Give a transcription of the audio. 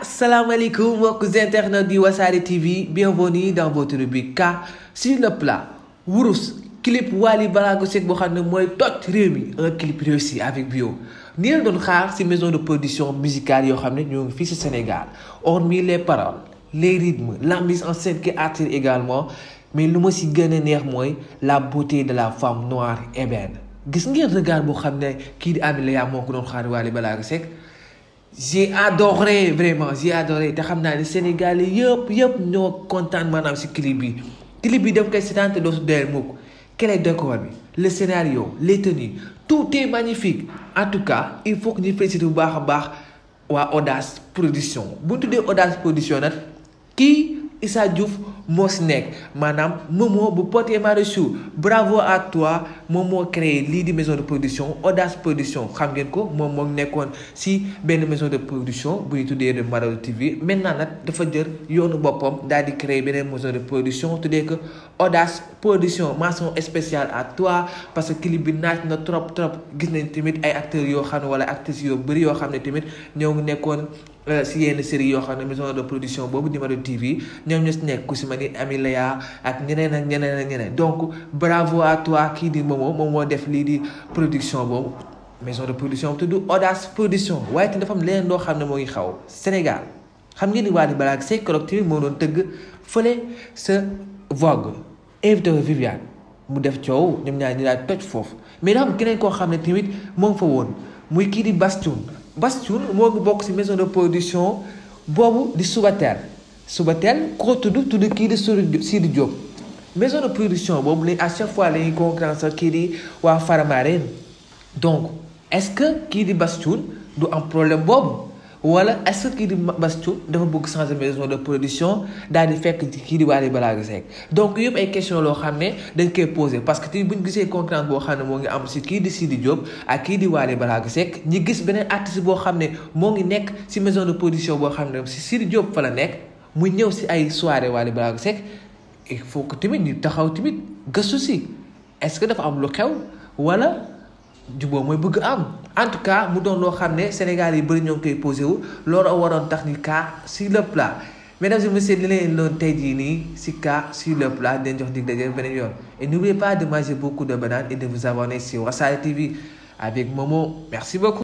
asalaamaaleykum cousins internautes de Wasari TV bienvenue dans votre rubrique K sur le plat wurus clip Wali Ballago bohane boo xam rémi mooy un clip réussi avec bio Nil Don doon xaar ci maison de production musicale yoo xam ne ñoo Sénégal hormis les paroles les rythmes la mise en scène qui attire également mais le ma ci gagne la beauté de la femme noire ébène gis ngeen regard boo xam ne kii di Amy Léa moo xaar Wally j'ai adoré vraiment j'ai adoré te xam naa Sénégalais yëpp yëpp ñoo kontaan maanaam si clip bi clip bi dem koy seetaan te doo su mukk quel est décor bi le scénario les tenues tout est magnifique en tout cas il faut que ñu féliciter bu baax a baax Audace Production bu ñu tuddee Audace Production nag kii Issa Diouf moo si Momo bu Pod ma Marichou bravo à toi Momo moo créé di maison de production Audace Production xam ngeen ko moom si une maison de production bu ñu de Marodi TV maintenant nag dafa jël yoonu Bopom, d'aller di créé maison de production tuddee que Audace Production mention spécial à toi parce que clip bi naaj na trop trop gis nañ tamit ay acteurs yoo ne wala actrices yo, bëri yoo xam ne tamit ñoo ngi Euh, si yenn série yoo xam ne maison de production boobu numéro TV ñoom ñoo si nekk ku si mel ni Amy Léa ak ñeneen ak ñeneen ak ñeneen donc bravo à toi kii di Momo moom moo def lii di production boobu maison de production tudd Audace production waaye te dafa am leneen loo xam ne moo ngi xaw Sénégal xam ngeen ni Wally Ballago Seck keroog tamit moo doon tëgg fële sa Vogue invité Viviane mu def coow ñoom ñaar ñi daal toj foofu mais dafa am keneen koo xam ne tamit moo ngi fa woon muy kii di Bastoun Bastion moo ngi maison de production boobu di Subatel Subatel tudd tudd kii di Diop maison de production à chaque fois une concurrence kii di waa donc est-ce que Bastion du problème wala est-ce que kii di Bass dafa bëgg changer maison de production daal di fekk ci kii di Wally Ballago Seck donc yëpp ay question loo xam ne dañ koy poser parce que tey bu ñu gisee concurrence boo xam ne moo ngi am si kii di Sidi Diop ak kii di Wally Ballago Seck ñi gis beneen artiste boo xam ne moo ngi nekk si maison de production boo xam ne si Sidi Diop fa la nekk mu ñëw si ay soirée Wally Ballago Seck il faut que tamit ñu taxaw tamit gëstu si est-ce que dafa am lu xew wala du juboo mooy bëgg am en tout cas mu doon loo xam ne Sénégal yi bëri ñoo ngi koy posé wu loolu waroon tax ni cas sur le plat mesdames et messieurs li leen loon tey jii nii si cas sur le plat d'un jour jox dig daje beneen yoon et n'oubliez pas de manger beaucoup de bananes et de vous abonner sur Wassare TV avec Momo merci beaucoup